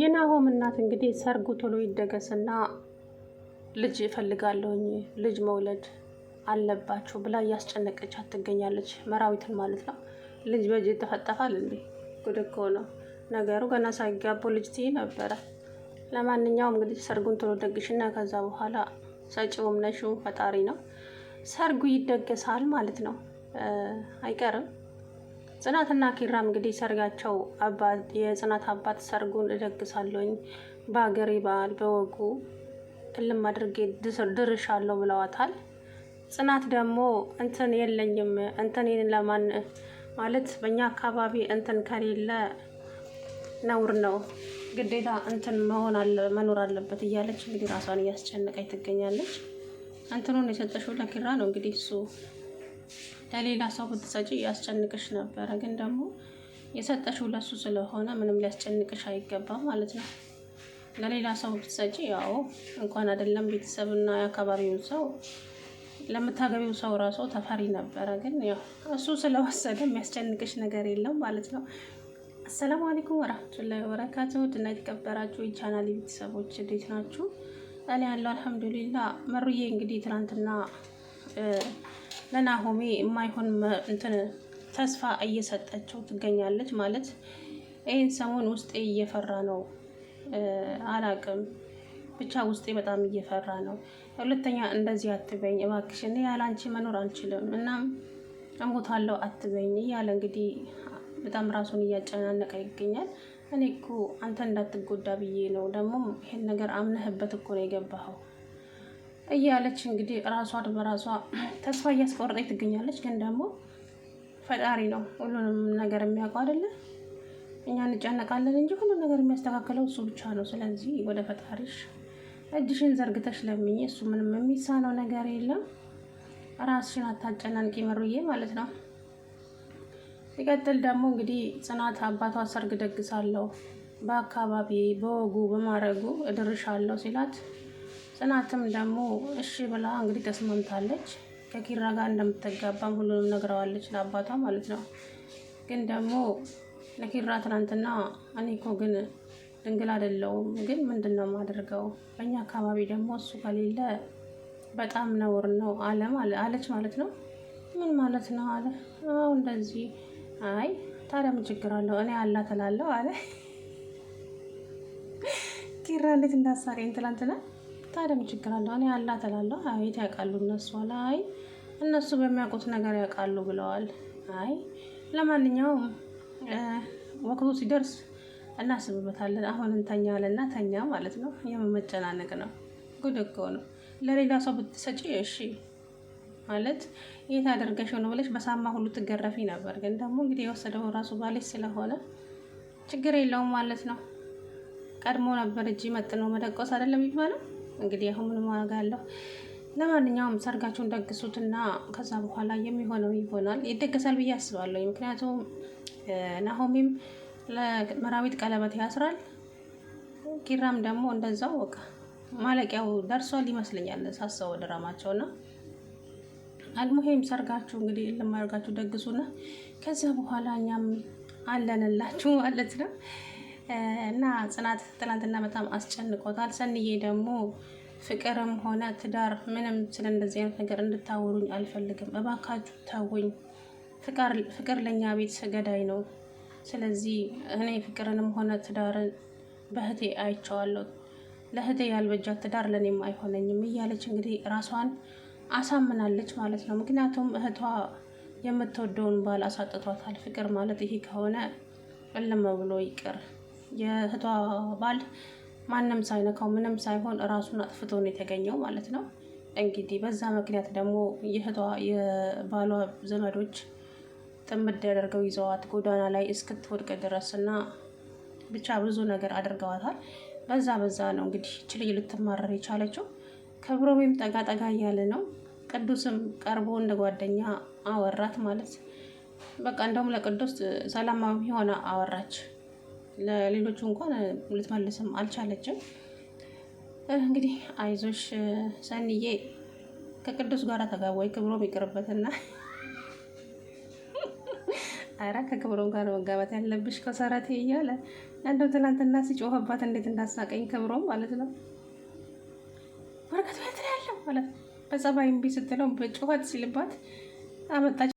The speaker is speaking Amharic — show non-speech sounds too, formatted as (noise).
የናሆም እናት እንግዲህ ሰርጉ ቶሎ ይደገስና ልጅ እፈልጋለሁኝ ልጅ መውለድ አለባችሁ ብላ እያስጨነቀች ትገኛለች። መራዊትን ማለት ነው። ልጅ በጅ ተፈጠፋል እንዴ? ጉድ እኮ ነው ነገሩ። ገና ሳይጋቡ ልጅ ትይ ነበረ። ለማንኛውም እንግዲህ ሰርጉን ቶሎ ደግሽና ከዛ በኋላ ሰጪውም ነሽው ፈጣሪ ነው። ሰርጉ ይደገሳል ማለት ነው አይቀርም። ጽናትና ኪራም እንግዲህ ሰርጋቸው የጽናት አባት ሰርጉን እደግሳለኝ በሀገሬ በዓል በወጉ እልም አድርጌ ድርሻለሁ ብለዋታል። ጽናት ደግሞ እንትን የለኝም እንትን ለማን ማለት በእኛ አካባቢ እንትን ከሌለ ነውር ነው ግዴታ እንትን መሆን መኖር አለበት እያለች እንግዲህ ራሷን እያስጨነቀች ትገኛለች። እንትኑን የሰጠሽው ለኪራ ነው እንግዲህ እሱ ለሌላ ሰው ብትሰጪ ያስጨንቅሽ ነበረ፣ ግን ደግሞ የሰጠሽው ለሱ ስለሆነ ምንም ሊያስጨንቅሽ አይገባም ማለት ነው። ለሌላ ሰው ብትሰጪ ያው እንኳን አይደለም ቤተሰብና የአካባቢውን ሰው ለምታገቢው ሰው ራሱ ተፈሪ ነበረ፣ ግን ያው እሱ ስለወሰደ የሚያስጨንቅሽ ነገር የለም ማለት ነው። አሰላሙ አለይኩም ወራህመቱላሂ ወበረካቱ ድና የተከበራችሁ የቻናል ቤተሰቦች እንዴት ናችሁ? እኔ ያለው አልሐምዱሊላ። መሩዬ እንግዲህ ትናንትና ለናሆሜ የማይሆን እንትን ተስፋ እየሰጠችው ትገኛለች ማለት ይህን ሰሞን ውስጤ እየፈራ ነው። አላቅም ብቻ ውስጤ በጣም እየፈራ ነው። ሁለተኛ እንደዚህ አትበኝ እባክሽ፣ እኔ ያለ አንቺ መኖር አልችልም፣ እናም እሞታለሁ አትበኝ እያለ እንግዲህ በጣም ራሱን እያጨናነቀ ይገኛል። እኔ እኮ አንተ እንዳትጎዳ ብዬ ነው፣ ደግሞ ይሄን ነገር አምነህበት እኮ ነው የገባኸው እያለች እንግዲህ ራሷን በራሷ ተስፋ እያስቆረጠች ትገኛለች። ግን ደግሞ ፈጣሪ ነው ሁሉንም ነገር የሚያውቀው አይደለ? እኛ እንጨነቃለን እንጂ ሁሉ ነገር የሚያስተካክለው እሱ ብቻ ነው። ስለዚህ ወደ ፈጣሪሽ እጅሽን ዘርግተሽ ለምኝ። እሱ ምንም የሚሳነው ነገር የለም። ራስሽን አታጨናንቂ መሩዬ ማለት ነው። ሲቀጥል ደግሞ እንግዲህ ጽናት አባቷ ሰርግ ደግሳለሁ፣ በአካባቢ በወጉ በማረጉ እድርሻለሁ ሲላት ጽናትም ደግሞ እሺ ብላ እንግዲህ ተስማምታለች። ከኪራ ጋር እንደምትጋባም ሁሉንም ነግረዋለች ለአባቷ ማለት ነው። ግን ደግሞ ለኪራ ትናንትና እኔ እኮ ግን ድንግል አይደለውም፣ ግን ምንድን ነው የማደርገው? በእኛ አካባቢ ደግሞ እሱ ከሌለ በጣም ነውር ነው አለ አለች ማለት ነው። ምን ማለት ነው አለ። አዎ እንደዚህ። አይ ታዲያ ምን ችግር አለው? እኔ አላ እላለሁ አለ ኪራ። እንዴት እንዳሳሪ ትላንትና ታዲያ ምን ችግር አለው? እኔ አላ እላለሁ። አቤት ያውቃሉ እነሱ አለ። አይ እነሱ በሚያውቁት ነገር ያውቃሉ ብለዋል። አይ ለማንኛውም ወቅቱ ሲደርስ እናስብበታለን። አሁን አለና ተኛ ማለት ነው። የመመጨናነቅ ነው። ጉድ እኮ ነው። ለሌላ ሰው ብትሰጪ እሺ ማለት የት አደርገሽው ነው ብለሽ በሳማ ሁሉ ትገረፊ ነበር። ግን ደግሞ እንግዲህ የወሰደው ራሱ ባለች ስለሆነ ችግር የለውም ማለት ነው። ቀድሞ ነበር እጅ መጥኖ መደቆስ አይደለም ይባላል። እንግዲህ አሁን ምን ዋጋ አለው? ለማንኛውም ሰርጋቸውን ደግሱትና ከዛ በኋላ የሚሆነው ይሆናል። ይደገሳል ብዬ አስባለሁ። ምክንያቱም ናሆሚም ለመራዊት ቀለበት ያስራል፣ ኪራም ደግሞ እንደዛው በቃ ማለቂያው ደርሷል ይመስለኛል ሳሰው ድራማቸው ና አልሙሄም ሰርጋችሁ እንግዲህ ልማርጋችሁ ደግሱና ከዚያ በኋላ እኛም አለንላችሁ ማለት ነው። እና ጽናት ትናንትና በጣም አስጨንቆታል። ሰንዬ ደግሞ ፍቅርም ሆነ ትዳር ምንም ስለ እንደዚህ አይነት ነገር እንድታወሩኝ አልፈልግም፣ እባካችሁ ተውኝ። ፍቅር ለእኛ ቤት ገዳይ ነው። ስለዚህ እኔ ፍቅርንም ሆነ ትዳርን በህቴ አይቸዋለሁ ለህቴ ያልበጃት ትዳር ለእኔም አይሆነኝም እያለች እንግዲህ ራሷን አሳምናለች ማለት ነው። ምክንያቱም እህቷ የምትወደውን ባል አሳጥቷታል። ፍቅር ማለት ይሄ ከሆነ እልም ብሎ ይቅር የእህቷ ባል ማንም ሳይነካው ምንም ሳይሆን እራሱን አጥፍቶ ነው የተገኘው ማለት ነው። እንግዲህ በዛ ምክንያት ደግሞ የእህቷ የባሏ ዘመዶች ጥምድ ያደርገው ይዘዋት ጎዳና ላይ እስክትወድቅ ድረስ እና ብቻ ብዙ ነገር አድርገዋታል። በዛ በዛ ነው እንግዲህ ችልጅ ልትማረር የቻለችው። ከብሮቤም ጠጋ ጠጋ እያለ ነው። ቅዱስም ቀርቦ እንደ ጓደኛ አወራት ማለት በቃ እንደውም ለቅዱስ ሰላማዊ የሆነ አወራች። ለሌሎቹ እንኳን ልትመልስም አልቻለችም። እንግዲህ አይዞሽ ሰንዬ ከቅዱስ ጋር ተጋቡ ወይ ክብሮም ይቅርበትና፣ አረ (laughs) ከክብሮም ጋር መጋባት ያለብሽ ከሰረቴ እያለ እንደው ትላንትና ሲጮህባት እንዴት እንዳሳቀኝ ክብሮም ማለት ነው። በርቀት ያለው ማለት በጸባይ እምቢ ስትለው በጩኸት ሲልባት አመጣች።